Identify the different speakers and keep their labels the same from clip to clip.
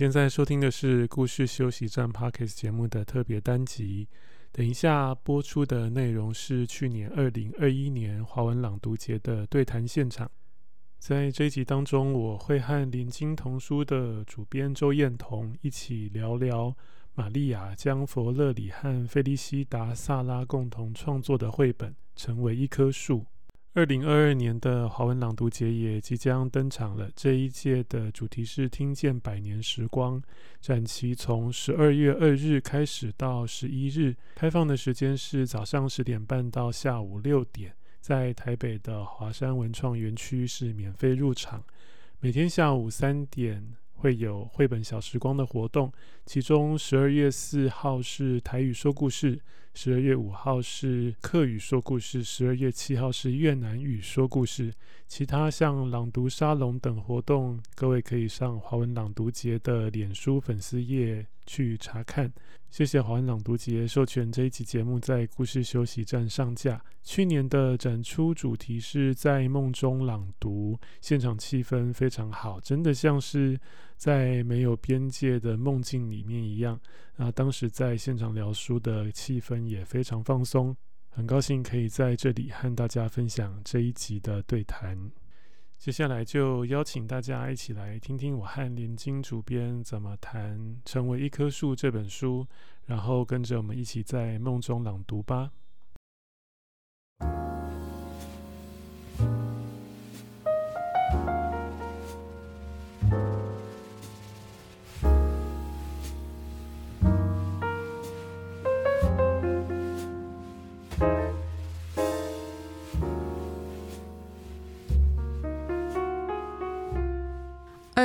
Speaker 1: 現在收聽的是《故事休息站》Podcast 節目的特別單集。等一下播出的內容是去年二零二一年華文朗讀節的對談現場。在這一集當中，我會和聯經童書的主編周彥彤一起聊聊瑪利亞·江佛勒里和菲利西達·薩拉共同創作的繪本《成為一棵樹》。二零二二年的華文朗讀節也即將登場了。這一屆的主題是“聽見百年時光”，展期從十二月二日開始到十一日，開放的時間是早上十點半到下午六點，在台北的華山文創園區是免費入場，每天下午三點，會有繪本小時光的活動，其中十二月四號是台語說故事，十二月五號是客語說故事，十二月七號是越南語說故事。其他像朗讀沙龍等活動，各位可以上華文朗讀節的臉書粉絲頁去查看。謝謝華文朗讀節授權這一集節目在故事休息站上架。去年的展出主題是在夢中朗讀，現場氣氛非常好，真的像是在沒有邊界的夢境裡面一樣。那、啊、當時在現場聊書的氣氛也非常放鬆，很高興可以在這裡和大家分享這一集的對談。接下來就邀請大家一起來聽聽我和聯經主編怎麼談《成為一棵樹》這本書，然後跟着我們一起在夢中朗讀吧。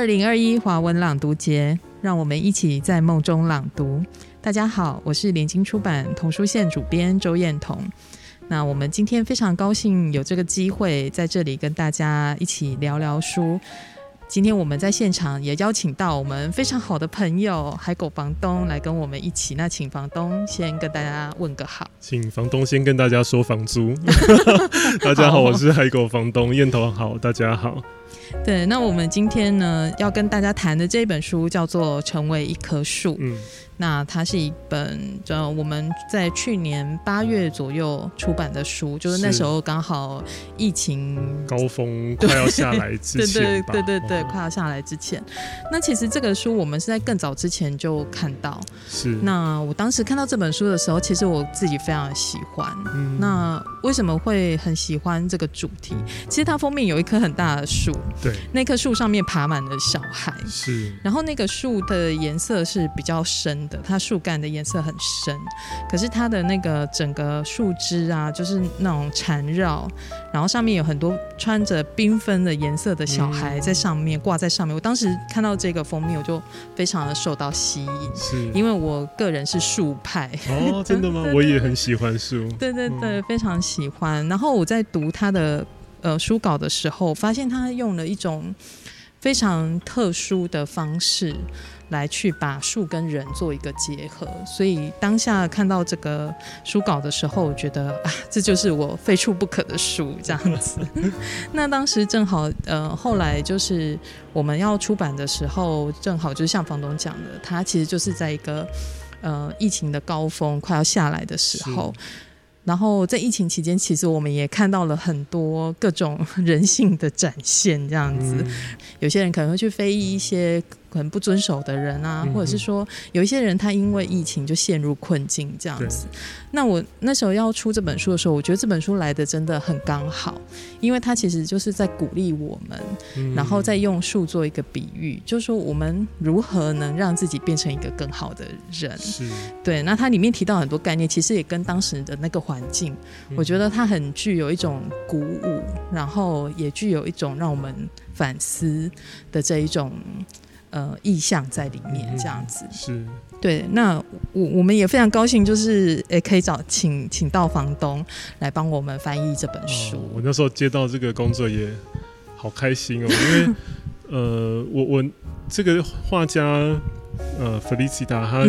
Speaker 2: 二零二一華文朗讀節，讓我們一起在夢中朗讀。大家好，我是聯經出版童書線主編周彥彤。那我們今天非常高興有這個機會在這裡跟大家一起聊聊書。今天我們在現場也邀請到我們非常好的朋友海狗房東來跟我們一起。那請房東先跟大家問個好，
Speaker 1: 請房東先跟大家說房租。 大家好，好哦、我是海狗房東彥彤，好，大家好。
Speaker 2: 對，那我們今天呢要跟大家談的這一本書叫做《成為一棵
Speaker 1: 樹》，嗯，
Speaker 2: 那它是一本叫我們在去年八月左右出版的書，就是那時候剛好疫情
Speaker 1: 高峰對快要下來之前，對對對對對，哇快
Speaker 2: 要下來之前。那其實這個書我們是在更早之前就看到，
Speaker 1: 是。那
Speaker 2: 我當時看到這本書的時候，其實我自己非常喜歡，嗯，那為什麼會很喜歡這個主題？其實它封面有一棵很大的樹。對，那棵樹上面爬滿了小孩，是。然後那個樹的顏色是比較深的，它樹幹的顏色很深，可是它的那個整個樹枝啊，就是那種纏繞，然後上面有很多穿着繽紛的顏色的小孩在上面、嗯、掛在上面。我當時看到這個封面，我就非常的受到吸
Speaker 1: 引，是因
Speaker 2: 為我個人是樹派哦，真的嗎？ 對對，我也
Speaker 1: 很喜歡樹，對，對對對，
Speaker 2: 嗯、非常喜歡。然後我在讀它的。呃，書稿的時候，發現他用了一種非常特殊的方式來去把樹跟人做一個結合，所以當下看到這個書稿的時候，我覺得啊，這就是我非出不可的書，這樣子。 那當時正好，呃，後來就是我們要出版的時候，正好就是像房東講的，他其實就是在一個呃疫情的高峰快要下來的時候。然後在疫情期間，其實我們也看到了很多各種人性的展現，這樣子，有些人可能會去非議一些。很不遵守的人啊，或者是說有一些人，他因為疫情就陷入困境這樣子。對那我那時候要出這本書的時候，我覺得這本書來的真的很剛好，因為它其實就是在鼓勵我們，然後再用樹做一個比喻，嗯、就是說我們如何能讓自己變成一個更好的人。是，對。那它裡面提到很多概念，其實也跟當時的那個環境，我覺得它很具有一種鼓舞，然後也具有一種讓我們反思的這一種。呃，意象在裡面這樣子，嗯、是，對。那我我們也非常高興，就是誒、欸，可以找請請到房東來幫我們翻譯這本書，哦。
Speaker 1: 我那時候接到這個工作也好開心哦，因為 呃，我我這個畫家呃，Felicita，他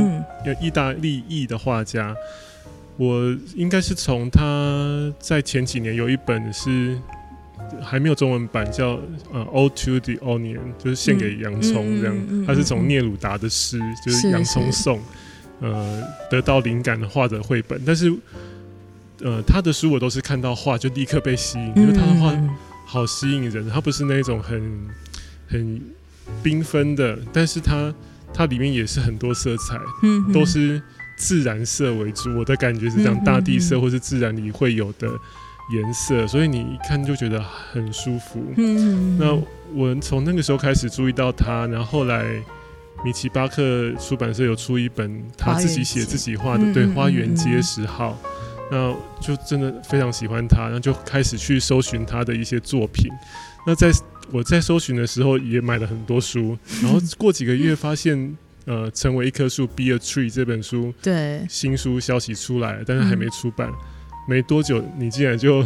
Speaker 1: 有意大利裔的畫家，嗯、我應該是從他在前幾年有一本是。還沒有中文版，叫呃《Ode to the Onion》，就是獻給洋蔥這樣。他，嗯嗯嗯、是從聶魯達的詩，嗯、就是洋蔥頌，呃，得到靈感的畫的繪本。但是，呃，他的書我都是看到畫就立刻被吸引，嗯、因為他的畫好吸引人。他不是那種很很繽紛的，但是它它裡面也是很多色彩，嗯，嗯都是自然色為主。我的感覺是這樣，嗯嗯嗯、大地色或是自然裡會有的。顏色，所以你一看就覺得很舒服。嗯,嗯,嗯，那我從那個時候開始注意到他，然後後來米奇巴克出版社有出一本他自己寫自己畫的花嗯嗯嗯，對《花園街十號》嗯嗯嗯，那就真的非常喜歡他，然後就開始去搜尋他的一些作品。那在我在搜尋的時候也買了很多書，然後過幾個月發現，嗯嗯呃，成為一棵樹《Be a Tree》這本書，對新書消息出來，但是還沒出版。嗯沒多久，你竟然就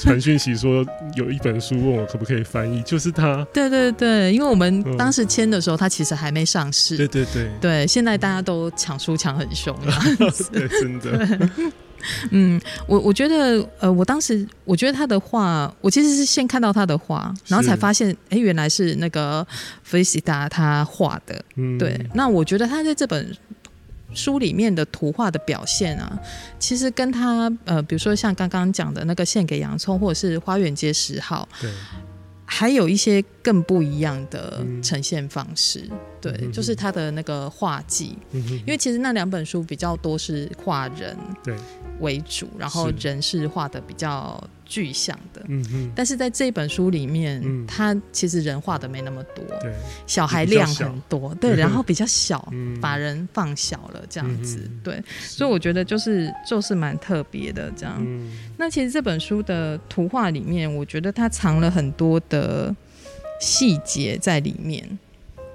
Speaker 1: 傳訊息說有一本書問我可不可以翻譯， 就是他。
Speaker 2: 對對對，因為我們當時簽的時候，嗯、他其實還沒上市。對對對。對，現在大家都搶書搶很兇了。 對，真的。 嗯，我我覺得，呃，我當時我覺得他的畫，我其實是先看到他的畫，然後才發現，哎是，原來是那個費西達他畫的。嗯。對，那我覺得他在這本。書裡面的圖畫的表現啊，其實跟他呃，比如說像剛剛講的那個《獻給洋蔥》或者是《花園街十號》，對，還有一些。更不一樣的呈現方式，對，就是他的那個畫技，因為其實那兩本書比較多是畫人對為主，然後人是畫得比較具象的，但是在這本書裡面，他其實人畫的沒那麼多，小孩量很多，對，然後比較小，把人放小了這樣子，對，所以我覺得就是就是蠻特別的這樣，那其實這本書的圖畫裡面，我覺得它藏了很多的。細節在裡面，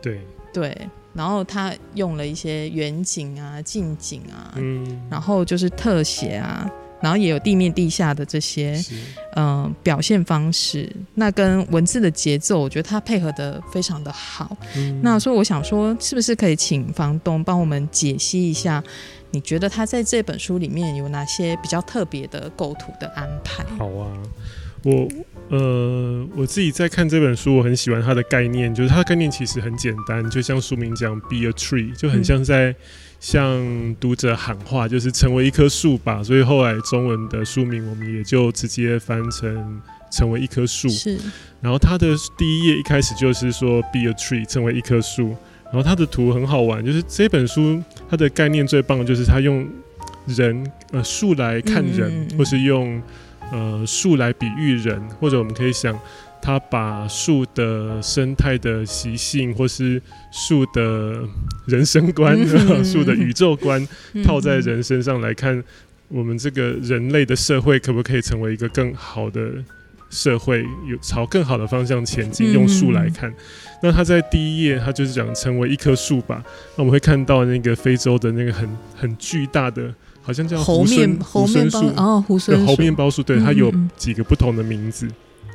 Speaker 2: 對對，然後他用了一些遠景啊、近景啊，嗯，然後就是特寫啊，然後也有地面、地下的這些，嗯是、呃，表現方式。那跟文字的節奏，我覺得他配合得非常的好。嗯、那所以我想說，是不是可以請房東幫我們解析一下？你覺得他在這本書裡面有哪些比較特別的構圖的安排？
Speaker 1: 好啊，我、嗯。呃，我自己在看這本書，我很喜歡它的概念，就是它的概念其實很簡單，就像書名講 “Be a tree”，就很像在向讀者喊話，就是成為一棵樹吧。所以後來中文的書名我們也就直接翻成“成為一棵樹”。是。然後它的第一頁一開始就是說 “Be a tree”，成為一棵樹。然後它的圖很好玩，就是這本書它的概念最棒的就是它用人、呃、樹來看人，嗯、或是用。呃，樹來比喻人，或者我們可以想，他把樹的生態的習性，或是樹的人生觀、樹、嗯、哼的宇宙觀，嗯、哼套在人身上來看，嗯、哼我們這個人類的社會可不可以成為一個更好的社會，有朝更好的方向前進？嗯、哼用樹來看，那他在第一頁，他就是講成為一棵樹吧。那我們會看到那個非洲的那個很很巨大的。好像叫猴麵猴麵包樹哦，猴麵包樹，對，它有幾個不同的名字。嗯嗯嗯，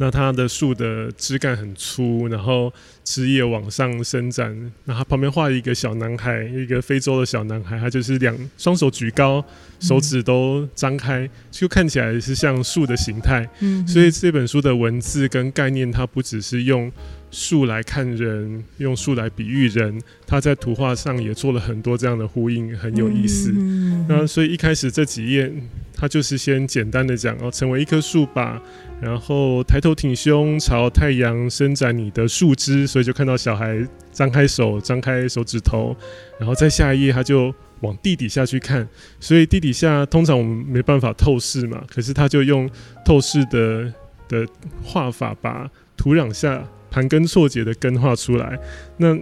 Speaker 1: 那它的樹的枝幹很粗，然後枝葉往上伸展。那它旁邊畫了一個小男孩，一個非洲的小男孩，他就是兩雙手舉高，手指都張開，嗯，就看起來是像樹的形態。嗯，嗯，所以這本書的文字跟概念，它不只是用。樹來看人，用樹來比喻人，他在圖畫上也做了很多這樣的呼應，很有意思。嗯嗯嗯嗯嗯，那所以一開始這幾頁，他就是先簡單的講哦、呃，成為一棵樹吧，然後抬頭挺胸，朝太陽伸展你的樹枝，所以就看到小孩張開手，張開手指頭。然後在下一頁，他就往地底下去看，所以地底下通常我們沒辦法透視嘛，可是他就用透視的的畫法，把土壤下。盤根錯節的根畫出來。那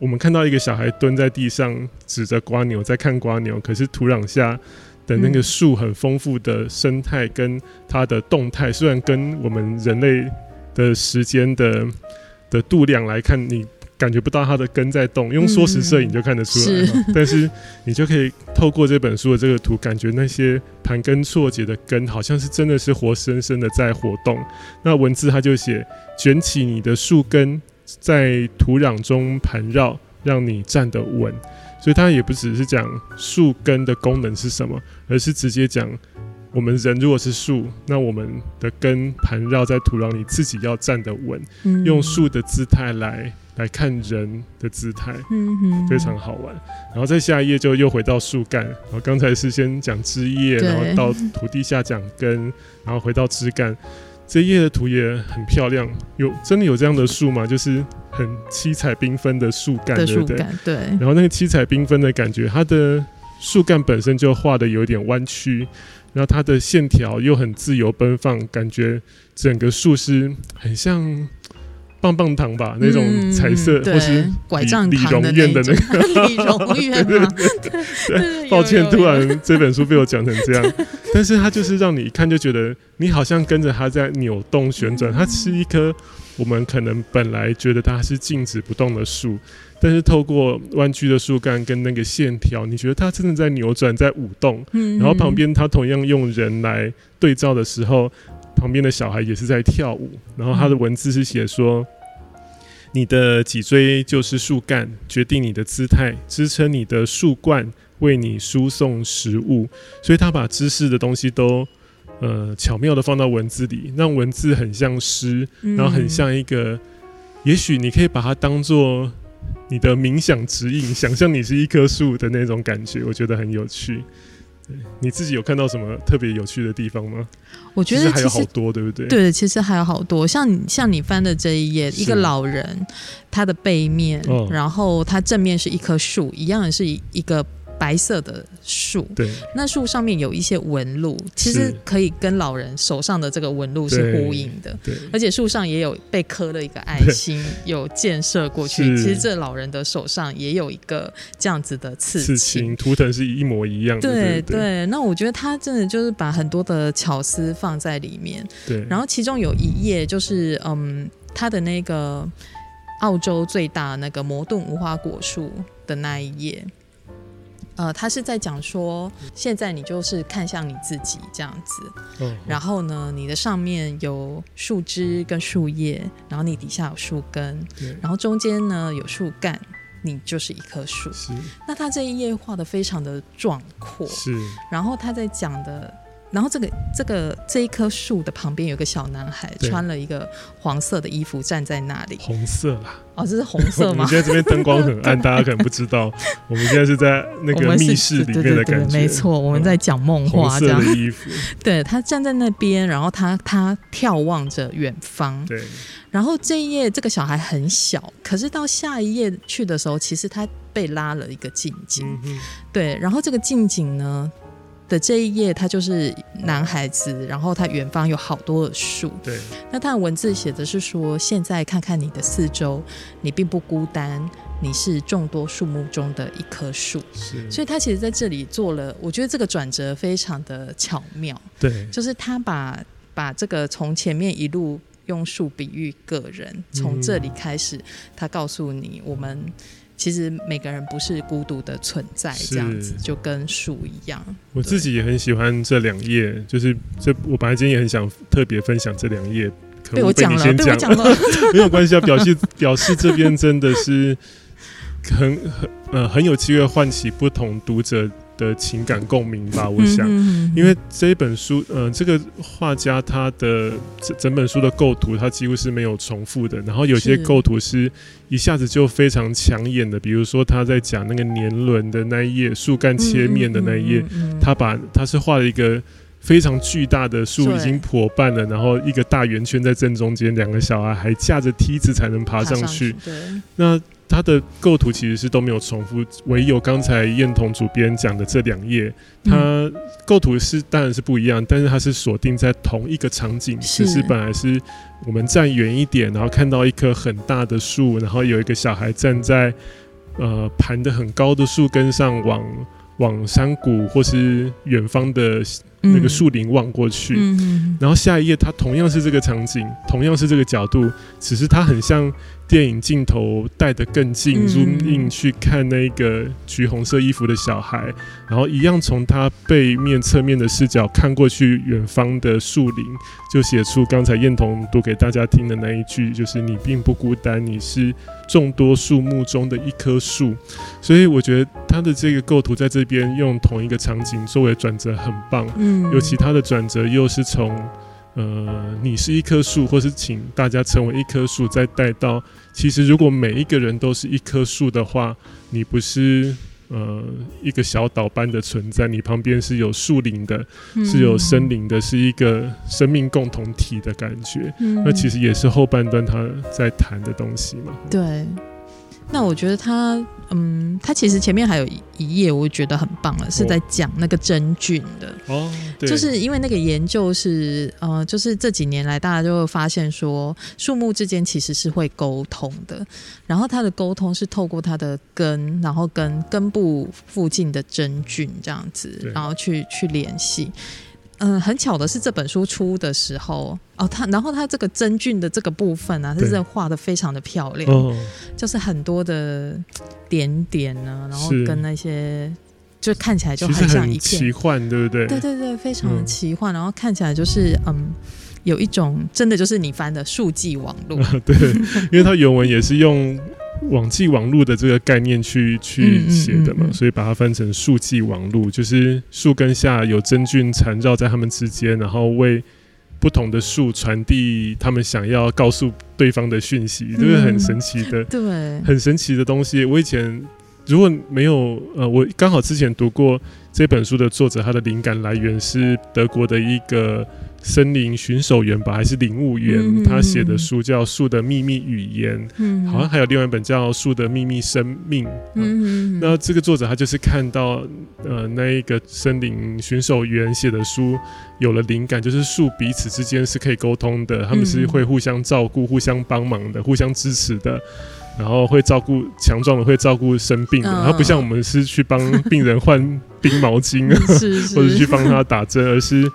Speaker 1: 我們看到一個小孩蹲在地上指着蝸牛在看蝸牛，可是土壤下的那個樹很豐富，的生態跟它的動態，嗯、雖然跟我們人類的時間的的度量來看，你。感覺不到它的根在動，用縮時攝影就看得出來哦。嗯、是。但是你就可以透過這本書的這個圖，感覺那些盤根錯節的根，好像是真的是活生生的在活動。那文字他就寫：卷起你的樹根，在土壤中盤繞，讓你站得穩。所以它也不只是講樹根的功能是什麼，而是直接講我們人如果是樹，那我們的根盤繞在土壤裡，自己要站得穩，嗯、用樹的姿態來。來看人的姿態，嗯、哼非常好玩。然後再下一頁就又回到樹幹。然後剛才是先講枝葉，對然後到土地下講根，然後回到枝幹。這頁的圖也很漂亮，有真的有這樣的樹嗎？就是很七彩繽紛的樹幹，對不對？對。然後那個七彩繽紛的感覺，它的樹幹本身就畫得有點彎曲，然後它的線條又很自由奔放，感覺整個樹是很像。棒棒糖吧，那種彩色、嗯、或是對拐杖，李榮艷的那個。 李榮 對對對笑抱歉，突然這本書被我講成這樣， 對 但是它就是讓你一看就覺得你好像跟着它在扭動旋轉。嗯嗯，它是一棵我們可能本來覺得它是靜止不動的樹，但是透過彎曲的樹幹跟那個線條，你覺得它真的在扭轉、在舞動。嗯嗯，然後旁邊它同樣用人來對照的時候。旁邊的小孩也是在跳舞，然後他的文字是寫說：“你的脊椎就是樹幹，決定你的姿態，支撐你的樹冠，為你輸送食物。”所以他把知識的東西都呃巧妙的放到文字裡，讓文字很像詩，嗯、然後很像一個，也許你可以把它當做你的冥想指引， 想象你是一棵樹的那種感覺，我覺得很有趣。你自己有看到什麼特別有趣的地方嗎？我覺得還有好多，對不對？對，其
Speaker 2: 實還有好多，像你像你翻的這一頁，是一個老人，他的背面，哦、然後他正面是一棵樹，一樣也是一個。白色的樹，對，那樹上面有一些紋路，其實可以跟老人手上的這個紋路是呼應的，對，對而且樹上也有被刻了一個愛心，對有建設過去，是其實這老人的手上也有一個這樣子的刺
Speaker 1: 青，圖騰是一模一樣的，對對，對對。
Speaker 2: 那我覺得他真的就是把很多的巧思放在裡面，對。然後其中有一頁就是嗯，他的那個澳洲最大那個摩頓無花果樹的那一頁。呃，他是在講說，現在你就是看向你自己這樣子，嗯、然後呢，你的上面有樹枝跟樹葉，嗯、然後你底下有樹根，對然後中間呢有樹幹，你就是一棵樹。是那他這一頁畫得非常的壯闊，是，然後他在講的。然後這個這個這一棵樹的旁邊有個小男孩，對穿了一個黃色的衣服站在那裡。紅色啦？哦，這是紅色嗎？ 我們現在這邊燈光很暗，對大家
Speaker 1: 可能不知道，我們現在是在那個密室裡面的感覺。對對對對對，沒錯，我們在講夢話。這樣、嗯、紅色的衣服，
Speaker 2: 對他站在那邊，然後他他眺望着遠方。對。然後這一頁這個小孩很小，可是到下一頁去的時候，其實他被拉了一個近景。嗯、哼對，然後這個近景呢？的這一頁，他就是男孩子，然後他遠方有好多的樹。對，那他的文字寫的是說，現在看看你的四周，你並不孤單，你是眾多樹木中的一棵樹。是，所以他其實在這裡做了，我覺得這個轉折非常的巧妙。對，就是他把把這個從前面一路用樹比喻個人，從這裡開始，他告訴你我們。其實每個人不是孤獨的存在，這樣子就跟樹一樣。
Speaker 1: 我自己也很喜歡這兩頁，對就是這我本來今天也很想特別分享這兩頁，可能會被我講了，被你先講了， 沒有關係啊，表示 表示這邊真的是很很呃很有機會喚起不同讀者的情感共鳴吧，我想，嗯嗯嗯因為這一本書，嗯、呃，這個畫家他的整整本書的構圖，他幾乎是沒有重複的。然後有些構圖是一下子就非常搶眼的，是比如說他在講那個年輪的那一頁，樹幹切面的那一頁、嗯嗯嗯嗯嗯，他把他是畫了一個非常巨大的樹，的已經破半了，然後一個大圓圈在正中間，兩個小孩還架着梯子才能爬上去。上去對，那。它的構圖其實是都沒有重複，唯有剛才彥彤主編講的這兩頁，它構圖是當然是不一樣，但是它是鎖定在同一個場景，是只是本來是我們站遠一點，然後看到一棵很大的樹，然後有一個小孩站在呃盤的很高的樹根上往，往往山谷或是遠方的那個樹林望過去，嗯嗯、然後下一頁它同樣是這個場景，同樣是這個角度，只是它很像。電影鏡頭帶得更近，嗯，zoom in 去看那個橘紅色衣服的小孩，然後一樣從他背面、側面的視角看過去遠方的樹林，就寫出剛才彥彤讀給大家聽的那一句，就是你並不孤單，你是眾多樹木中的一棵樹。所以我覺得他的這個構圖在這邊用同一個場景作為轉折很棒，嗯，尤其他的轉折又是從。呃，你是一棵樹，或是請大家成為一棵樹，再帶到。其實，如果每一個人都是一棵樹的話，你不是呃一個小島般的存在，你旁邊是有樹林的，嗯、是有森林的，是一個生命共同體的感覺。嗯、那其實也是後半段他在談的東西嘛。
Speaker 2: 對，那我覺得他。嗯，它其實前面還有一一頁，我覺得很棒的，是在講那個真菌
Speaker 1: 的。哦，就是
Speaker 2: 因為那個研究是呃，就是這幾年來大家就會發現說，樹木之間其實是會溝通的，然後它的溝通是透過它的根，然後跟根部附近的真菌這樣子，對然後去去聯繫。嗯，很巧的是這本書出的時候哦，它然後它這個真菌的這個部分呢、啊，對它是畫的非常的漂亮，哦、就是很多的點點呢、啊，然後跟那些是就看起來就很像一片奇
Speaker 1: 幻，對不對、啊？對對對，非常的奇
Speaker 2: 幻，嗯、然後看起來就是嗯，有一種真的就是你翻的樹際網絡，對、
Speaker 1: 嗯， 因為他原文也是用。網際網絡的這個概念去去寫的嘛，嗯嗯嗯嗯，所以把它分成樹際網絡就是樹根下有真菌纏繞在它們之間，然後為不同的樹傳遞他們想要告訴對方的訊息，這、就是很神奇的，對、嗯，很神奇的東西。對我以前如果沒有呃，我剛好之前讀過這本書的作者，他的靈感來源是德國的一個。森林巡守員吧，還是林務員？嗯、哼哼他寫的書叫《樹的秘密語言》，嗯、哼好像還有另外一本叫《樹的秘密生命》。嗯嗯、哼哼那這個作者他就是看到呃，那一個森林巡守員寫的書有了靈感，就是樹彼此之間是可以溝通的，他們是會互相照顧、互相幫忙的、互相支持的，然後會照顧強壯的，會照顧生病的。他、嗯、不像我們是去幫病人換冰毛巾啊，嗯、或者去幫他打針，嗯、而是。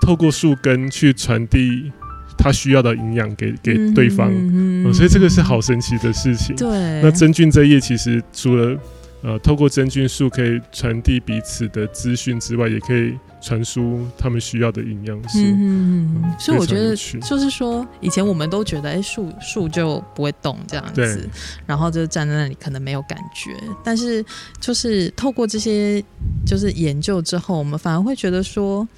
Speaker 1: 透過樹根去傳遞它需要的營養給給對方。嗯嗯嗯嗯，所以這個是好神奇的事情。對，那真菌這一頁其實除了呃，透過真菌樹可以傳遞彼此的資訊之外，也可以傳輸他們需要的營養素。嗯，嗯。
Speaker 2: 所以我覺得就是說，以前我們都覺得哎樹樹就不會動這樣子，對然後就站在那裡可能沒有感覺。但是就是透過這些就是研究之後，我們反而會覺得說。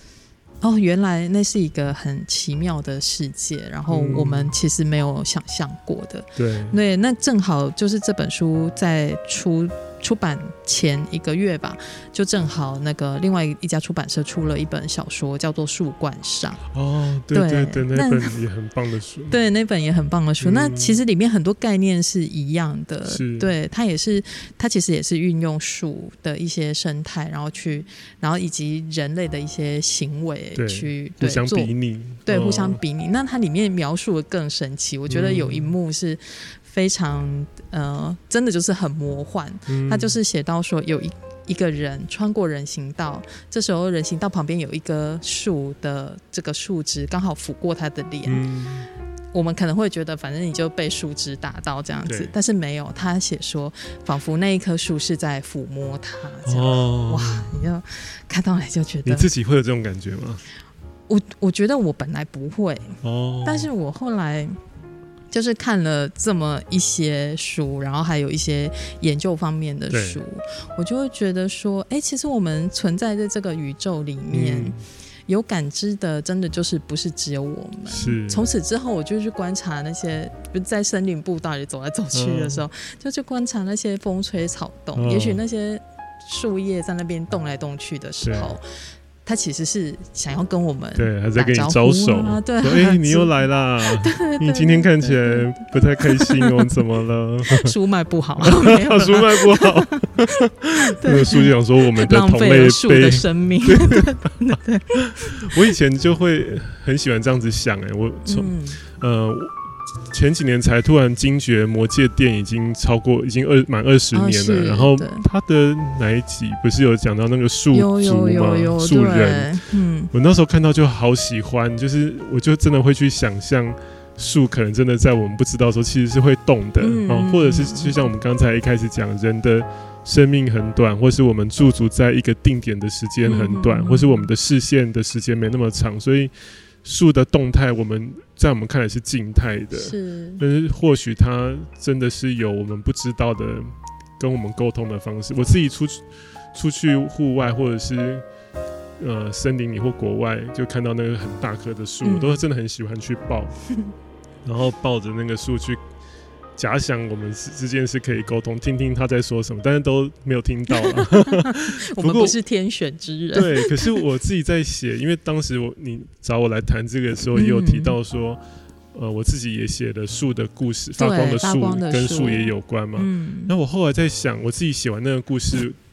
Speaker 2: 哦，原來那是一個很奇妙的世界，然後我們其實沒有想象過的。嗯、對。對，那正好就是這本書在出。出版前一個月吧，就正好那個另外一家出版社出了一本小說，叫做《樹冠上》。哦，
Speaker 1: 對對對，那本也很棒的書。
Speaker 2: 對、嗯，那本也很棒的書。那其實裡面很多概念是一樣的，是對，它也是，它其實也是運用樹的一些生態，然後去，然後以及人類的一些行為去對對互相比擬，
Speaker 1: 對，互相
Speaker 2: 比擬。那它裡面描述的更神奇，我覺得有一幕是。嗯非常呃，真的就是很魔幻。他、嗯、就是寫到說，有一一個人穿過人行道，這時候人行道旁邊有一棵樹的這個樹枝剛好撫過他的臉。嗯、我們可能會覺得，反正你就被樹枝打到這樣子，對但是沒有。他寫說，仿佛那一棵樹是在撫摸他。這樣、哦、哇！你就看到了就覺得，你自
Speaker 1: 己會有這種感覺嗎？
Speaker 2: 我我覺得我本來不會哦，但是我後來。就是看了這麼一些書，然後還有一些研究方面的書，對我就會覺得說，哎，其實我們存在在這個宇宙裡面，嗯、有感知的，真的就是不是只有我們。是。從此之後，我就去觀察那些在森林步道裡走來走去的時候，哦、就去觀察那些風吹草動，哦、也許那些樹葉在那邊動來動去的時候。他其實是想要跟我們、啊、對還在跟你招手、啊，對，哎、欸，你又來啦！對對對對，你今天
Speaker 1: 看起來不太開心哦，對對對對，怎麼了？書 賣不好，書 賣不好。那個書記講說，我們的同類被浪費了樹的生命。對，對， 我以前就會很喜歡這樣子想、欸，哎，我從、嗯、呃。前幾年才突然驚覺，《魔戒》電影已經超過已經二滿二十年了。啊、然後他的哪一集對不是有講到那個樹樹有有，有，有人嗯，我那時候看到就好喜歡，就是我就真的會去想象樹可能真的在我們不知道的時候其實是會動的啊、嗯哦，或者是就像我們剛才一開始講，嗯、人的生命很短，或是我們駐足在一個定點的時間很短，嗯、或是我們的視線的時間沒那麼長，所以。樹的動態，我們在我們看來是靜態的，是，但是或許它真的是有我們不知道的跟我們溝通的方式。我自己出出去戶外，或者是呃森林裡或國外，就看到那個很大棵的樹，我、嗯、都真的很喜歡去抱， 然後抱着那個樹去。假想我們是之間是可以溝通，聽聽他在說什麼，但是都沒有聽到。 不過，我們不是天選之人。 對，可是我自己在寫，因為當時我你找我來談這個的時候，也有提到說，嗯、呃，我自己也寫的樹的故事，發光的樹跟樹也有關嘛。那我後來在想，我自己寫完那個故事。嗯嗯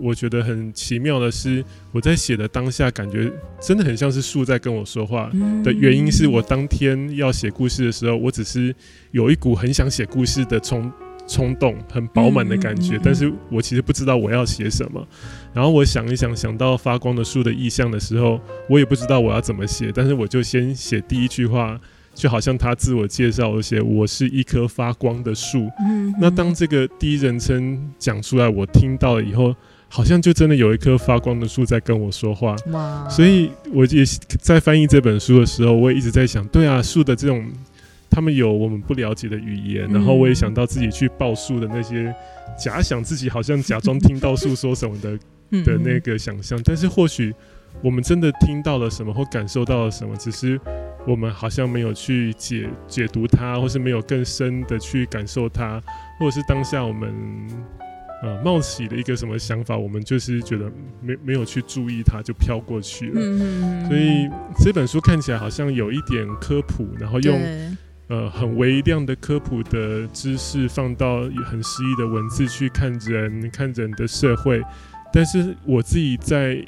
Speaker 1: 我覺得很奇妙的是，我在寫的當下感覺真的很像是樹在跟我說話。的原因是我當天要寫故事的時候，我只是有一股很想寫故事的衝衝動，很飽滿的感覺。但是我其實不知道我要寫什麼。然後我想一想，想到發光的樹的意象的時候，我也不知道我要怎麼寫。但是我就先寫第一句話。就好像他自我介紹，而且我是一棵發光的樹。嗯哼，那當這個第一人稱講出來，我聽到了以後，好像就真的有一棵發光的樹在跟我說話。哇所以我也在翻譯這本書的時候，我也一直在想，對啊，樹的這種，他們有我們不了解的語言，然後我也想到自己去抱樹的那些、嗯、哼假想，自己好像假裝聽到樹說什麼的、嗯、哼的那個想象。但是或許我們真的聽到了什麼，或感受到了什麼，只是。我們好像沒有去解解讀它，或是沒有更深的去感受它，或者是當下我們呃冒起的一個什麼想法，我們就是覺得沒沒有去注意它，就飄過去了。嗯。所以這本書看起來好像有一點科普，然後用對呃很微量的科普的知識放到很詩意的文字去看人、看人的社會，但是我自己在。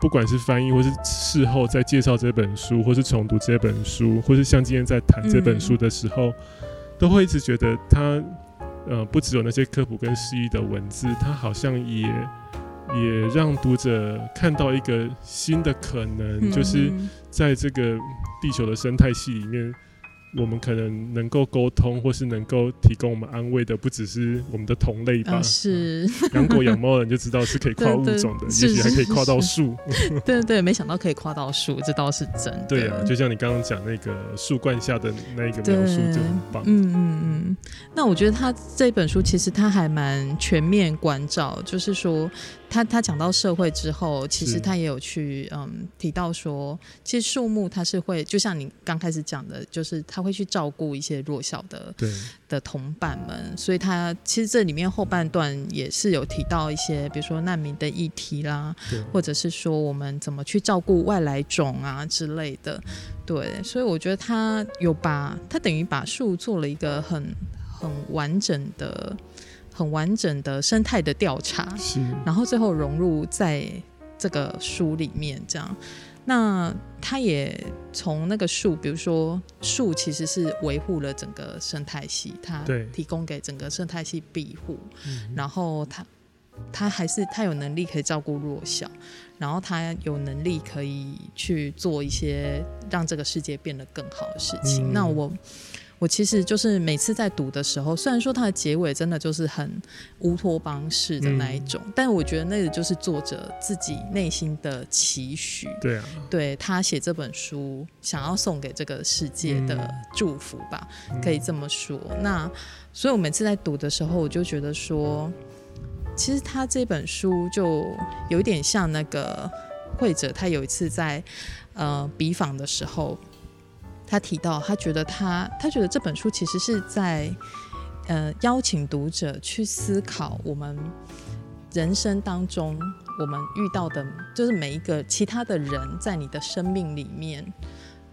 Speaker 1: 不管是翻譯，或是事後在介紹這本書，或是重讀這本書，或是像今天在談這本書的時候，嗯、都會一直覺得它，呃，不只有那些科普跟詩意的文字，它好像也也讓讀者看到一個新的可能，嗯、就是在這個地球的生態系裡面。我們可能能夠溝通，或是能夠提供我們安慰的，不只是我們的同類吧？啊、是、嗯、 養狗養貓人就知道是可以跨物種的，對對對，也許還可以跨到樹。
Speaker 2: 對對，沒想到可以跨到樹，這
Speaker 1: 倒是真的。對啊，就像你剛剛講那個樹冠下的那一個描述，就很棒。嗯嗯嗯，
Speaker 2: 那我覺得他這本書其實他還蠻全面關照，就是說。他他講到社會之後，其實他也有去嗯提到說，其實樹木它是會就像你剛開始講的，就是他會去照顧一些弱小的對的同伴們，所以他其實這裡面後半段也是有提到一些，比如說難民的議題啦，對或者是說我們怎麼去照顧外來種啊之類的，對，所以我覺得他有把，他等於把樹做了一個很很完整的。很完整的生態的調查，是的然後最後融入在這個書裡面，這樣。那他也從那個樹，比如說樹其實是維護了整個生態系，他提供給整個生態系庇護，對然後他他還是他有能力可以照顧弱小，然後他有能力可以去做一些讓這個世界變得更好的事情。嗯、那我。我其實就是每次在讀的時候，雖然說它的結尾真的就是很烏托邦式的那一種，嗯、但我覺得那個就是作者自己內心的期許，對，啊、對，對他寫這本書想要送給這個世界的祝福吧，嗯、可以這麼說。嗯、那所以，我每次在讀的時候，我就覺得說，其實他這本書就有一點像那個繪者，他有一次在呃筆訪的時候。他提到，他覺得他他覺得這本書其實是在，呃，邀請讀者去思考我們人生當中我們遇到的，就是每一個其他的人在你的生命裡面，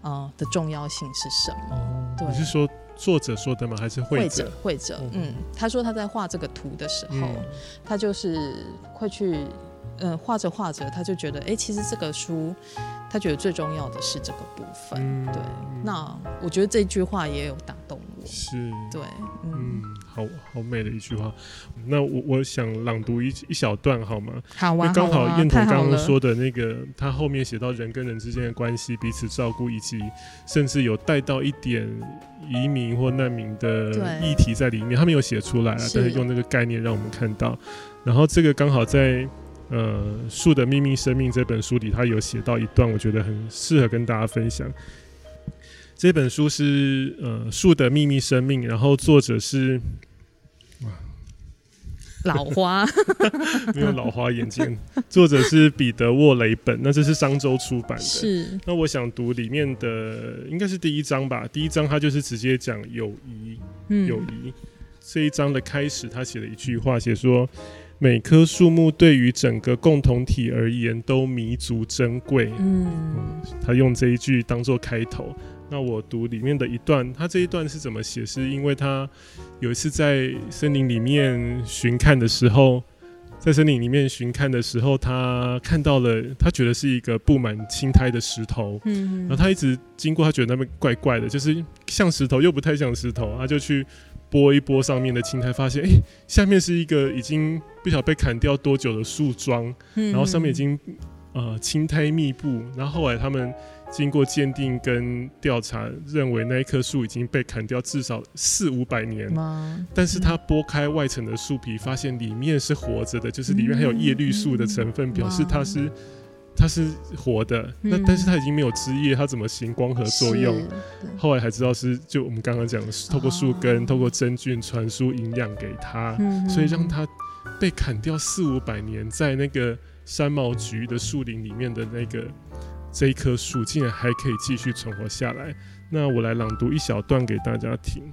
Speaker 2: 啊，呃，的重要性是什麼？對。你是說
Speaker 1: 作者說的嗎？還是繪者？繪者，繪者，嗯，
Speaker 2: 他說他在畫這個圖的時候，嗯。他就是會去。呃，畫着畫着，他就覺得，哎、欸，其實這個書，他覺得最重要的是這個部分。嗯、對，那我覺得這一句話也有打動我。是，對，嗯，嗯
Speaker 1: 好好美的一句話。那我我想朗讀一一小段好嗎？好啊，剛好彥、啊啊、彤剛剛說的那個，他後面寫到人跟人之間的關係，彼此照顧，以及甚至有帶到一點移民或難民的議題在裡面。對他沒有寫出來、啊，是但是用那個概念讓我們看到。然後這個剛好在。呃，《樹的祕密生命》這本書裡，他有寫到一段，我覺得很適合跟大家分享。這本書是呃，《樹的祕密生命》，然後作者是哇
Speaker 2: 老花， 沒有老
Speaker 1: 花眼睛。 作者是彼得·沃雷本，那這是商周出版的。是。那我想讀裡面的，應該是第一章吧。第一章他就是直接講友誼。嗯。友誼這一章的開始，他寫了一句話，寫說。每棵樹木對於整個共同體而言都彌足珍貴。嗯，嗯，他用這一句當做開頭。那我讀裡面的一段，他這一段是怎麼寫？是因為他有一次在森林裡面巡看的時候，在森林裡面巡看的時候，他看到了，他覺得是一個布滿青苔的石頭。嗯，嗯，然後他一直經過，他覺得那邊怪怪的，就是像石頭又不太像石頭，他就去。撥一撥上面的青苔，發現、欸、下面是一個已經不曉得被砍掉多久的樹樁，嗯嗯，然後上面已經呃青苔密布。然後後來他們經過鑑定跟調查，認為那一棵樹已經被砍掉至少四五百年。哇 但是他剝開外層的樹皮，發現裡面是活着的，就是裡面還有葉綠素的成分，表示它是。它是活的，那但是它已經沒有枝葉，它怎麼行光合作用？嗯、後來才知道是就我們剛剛講的是，透過樹根、啊、透過真菌傳輸營養給它，嗯、所以讓它被砍掉四五百年，在那個山毛榉的樹林裡面的那個這一棵樹，竟然還可以繼續存活下來。那我來朗讀一小段給大家聽。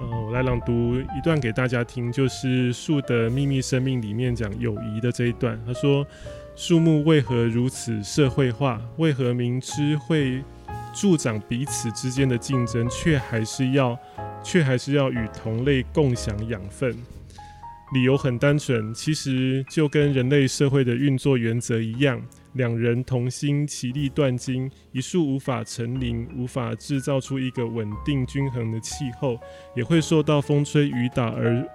Speaker 1: 嗯、哦，我來朗讀一段給大家聽，就是《樹的秘密生命》裡面講友誼的這一段。他說。樹木為何如此社會化？為何明知會助長彼此之間的競爭，卻還是要卻還是要與同類共享養分？理由很單純，其實就跟人類社會的運作原則一樣：兩人同心，其利斷金；一樹無法成林，無法制造出一個穩定均衡的氣候，也會受到風吹雨打而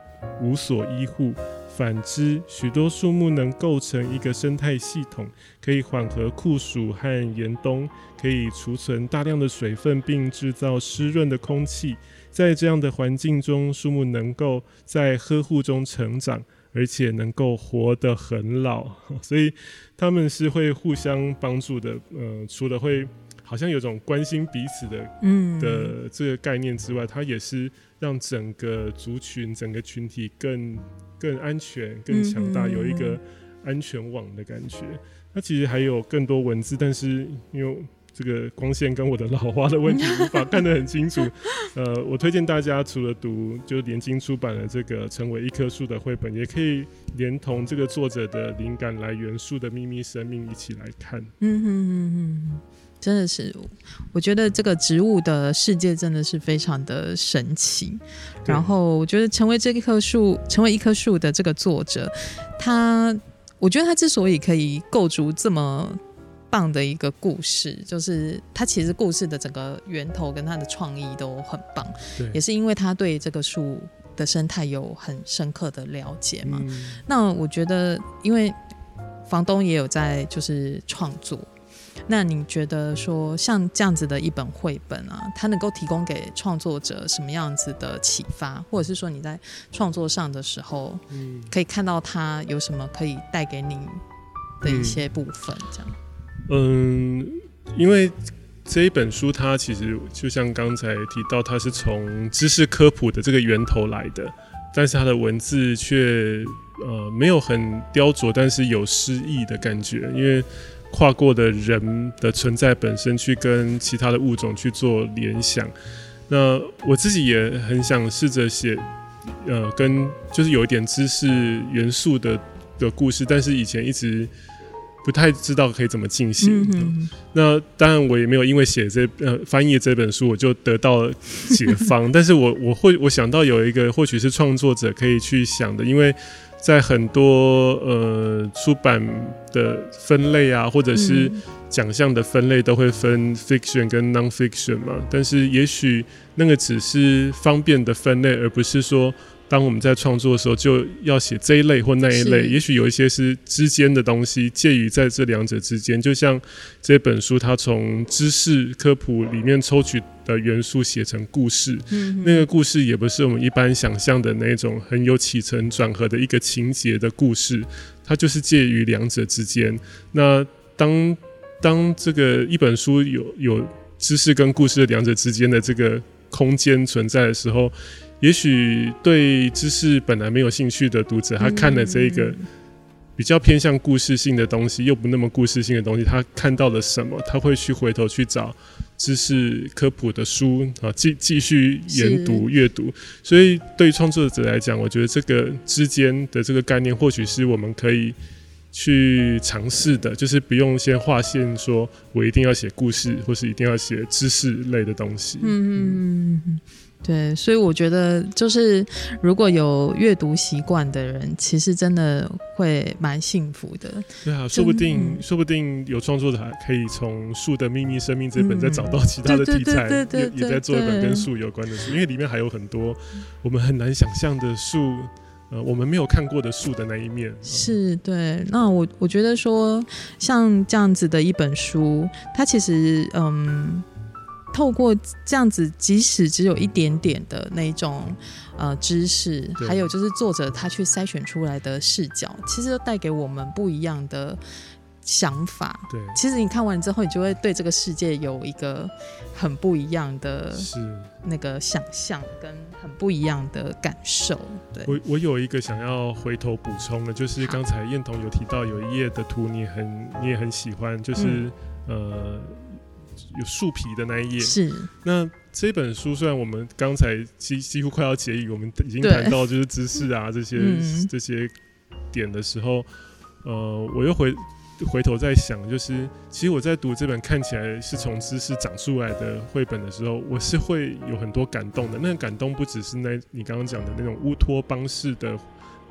Speaker 1: 無所依護。反之，許多樹木能構成一個生態系統，可以緩和酷暑和嚴冬，可以儲存大量的水分，並制造濕潤的空氣。在這樣的環境中，樹木能夠在呵護中成長，而且能夠活得很老。所以，他們是會互相幫助的。呃，除了會。好像有種關心彼此的的這個概念之外，嗯、它也是讓整個族群，整個群體更更安全、更強大，嗯哼嗯哼，有一個安全網的感覺。它其實還有更多文字，但是因為這個光線跟我的老花的問題，無法看得很清楚。嗯哼嗯哼呃，我推薦大家除了讀就聯經出版的這個《成為一棵樹》的繪本，也可以連同這個作者的靈感來源《樹的祕密生命》一起來看。嗯哼
Speaker 2: 哼、嗯、哼。真的是，我覺得這個植物的世界真的是非常的神奇。對然後我覺得成為這一棵樹，成為一棵樹的這個作者，他，我覺得他之所以可以構築這麼棒的一個故事，就是他其實故事的整個源頭跟他的創意都很棒，對也是因為他對這個樹的生態有很深刻的了解嘛。嗯、那我覺得，因為房東也有在就是創作。那你覺得說像這樣子的一本繪本啊，它能夠提供給創作者什麼樣子的啟發？或者是說你在創作上的時候，嗯、可以看到它有什麼可以帶給你的一些部分，這樣嗯？
Speaker 1: 嗯，因為這一本書它其實就像剛才提到，它是從知識科普的這個源頭來的，但是它的文字卻呃沒有很雕琢，但是有詩意的感覺，因為。跨過的人的存在本身，去跟其他的物種去做聯想。那我自己也很想試着寫，呃，跟就是有一點知識元素的的故事，但是以前一直不太知道可以怎麼進行。嗯、哼那當然，我也沒有因為寫這呃翻譯這本書，我就得到解方。 但是我我會我想到有一個或許是創作者可以去想的，因為。在很多呃出版的分類啊，或者是獎項的分類，都會分 fiction 跟 nonfiction 嘛。但是也許那個只是方便的分類，而不是說。當我們在創作的時候，就要寫這一類或那一類，也許有一些是之間的東西，介於在這兩者之間。就像這本書，它從知識科普裡面抽取的元素寫成故事，那個故事也不是我們一般想象的那種很有起承轉合的一個情節的故事，它就是介於兩者之間。那當當這個一本書有有知識跟故事的兩者之間的這個空間存在的時候。也許對知識本來沒有興趣的讀者，他看了這一個比較偏向故事性的東西，又不那麼故事性的東西，他看到了什麼？他會去回頭去找知識科普的書啊，繼繼續研讀閱是讀。所以對創作者來講，我覺得這個之間的這個概念，或許是我們可以去嘗試的，就是不用先劃線說，我一定要寫故事，或是一定要寫知識類的東西。嗯。
Speaker 2: 嗯對，所以我覺得就是，如果有閱讀習慣的人，其實真的會蠻幸福的。
Speaker 1: 對啊，說不定、說不定有創作者還可以從《樹的秘密生命》這本再找到其他的題材，對對對，也也在做一本跟樹有關的書，因為裡面還有很多我們很難想象的樹，呃，我們沒有看過的樹的那一面。
Speaker 2: 是，對。那我我覺得說，像這樣子的一本書，它其實嗯。透過這樣子，即使只有一點點的那種呃知識，對還有就是作者他去篩選出來的視角，其實都帶給我們不一樣的想法。對，其實你看完之後，你就會對這個世界有一個很不一樣的是那個想象跟很不一樣的感受。對，我
Speaker 1: 我有一個想要回頭補充的，就是剛才彥彤有提到有一頁的圖，你很你也很喜歡，就是、嗯、呃。有樹皮的那一頁是。那這本書雖然我們剛才幾幾乎快要結語，我們已經談到就是知識啊對這些、嗯、這些點的時候，呃，我又回回頭在想，就是其實我在讀這本看起來是從知識長出來的繪本的時候，我是會有很多感動的。那個、感動不只是那，你剛剛講的那種烏托邦式的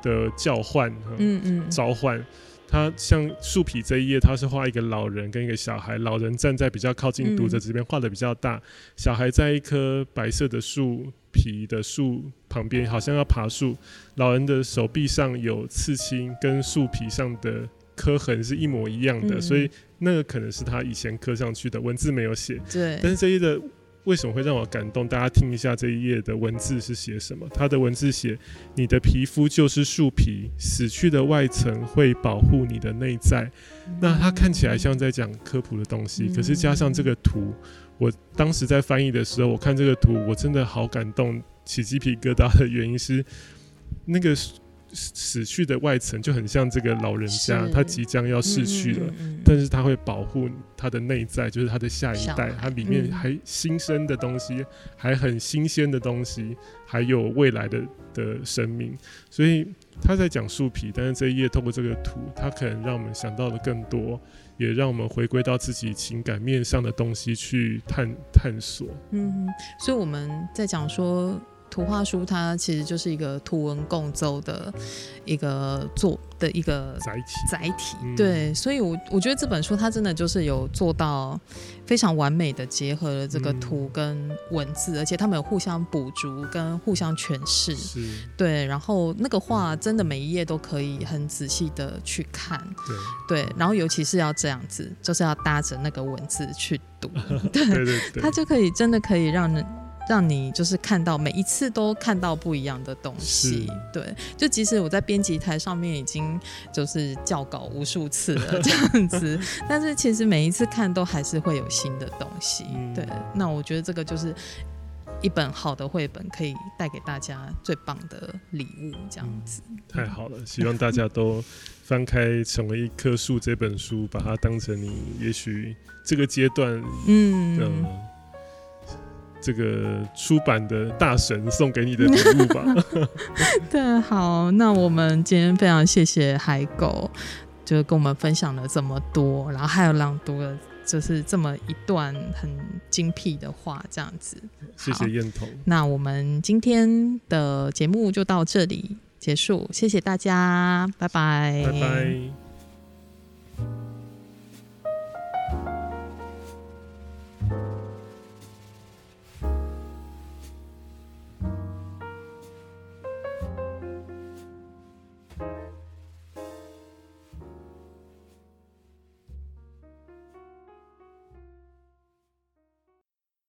Speaker 1: 的召喚，呃、嗯嗯，召喚。他像樹皮這一頁，他是畫一個老人跟一個小孩，老人站在比較靠近讀者這邊，畫的、嗯、比較大，小孩在一棵白色的樹皮的樹旁邊，好像要爬樹。老人的手臂上有刺青，跟樹皮上的刻痕是一模一樣的，嗯、所以那個可能是他以前刻上去的。文字沒有寫，對，但是這一頁的，為什麼會讓我感動？大家聽一下這一頁的文字是寫什麼？它的文字寫：“你的皮膚就是樹皮，死去的外層會保護你的內在。”嗯。那它看起來像在講科普的東西，可是加上這個圖，我當時在翻譯的時候，我看這個圖，我真的好感動，起雞皮疙瘩的原因是那個。死去的外層就很像這個老人家，是他即將要逝去了，嗯嗯嗯，但是他會保護他的內在，就是他的下一代，孩他裡面還新生的東西，嗯、還很新鮮的東西，還有未來的的生命。所以他在講樹皮，但是這一頁透過這個圖，他可能讓我們想到了更多，也讓我們回歸到自己情感面上的東西去探探索。嗯，
Speaker 2: 所以我們在講說。圖畫書它，其實就是一個圖文共奏的一個做的一個載體，載體對，所以我我覺得這本書它真的就是有做到非常完美的結合了這個圖跟文字，而且他們有互相補足跟互相詮釋，是對，然後那個畫真的每一頁都可以很仔細的去看，對對，然後尤其是要這樣子，就是要搭着那個文字去讀，對 對對，對，它就可以真的可以讓人。讓你就是看到每一次都看到不一樣的東西，是對，就即使我在編輯台上面已經就是校稿無數次了這樣子， 但是其實每一次看都還是會有新的東西，嗯、對。那我覺得這個就是一本好的繪本可以帶給大家最棒的禮物，這樣子、嗯。太好了，嗯、希望大家
Speaker 1: 都翻開《成為一棵樹》這本書，把它當成你也許這個階段，嗯。呃這個出版的大神送給你的禮物吧。
Speaker 2: 對，好，那我們今天非常謝謝海狗，就是跟我們分享了這麼多，然後還有朗讀了就是這麼一段很精闢的話，這樣子。
Speaker 1: 謝謝彥彤。
Speaker 2: 那我們今天的節目就到這裡結束，謝謝大家，拜拜，拜拜。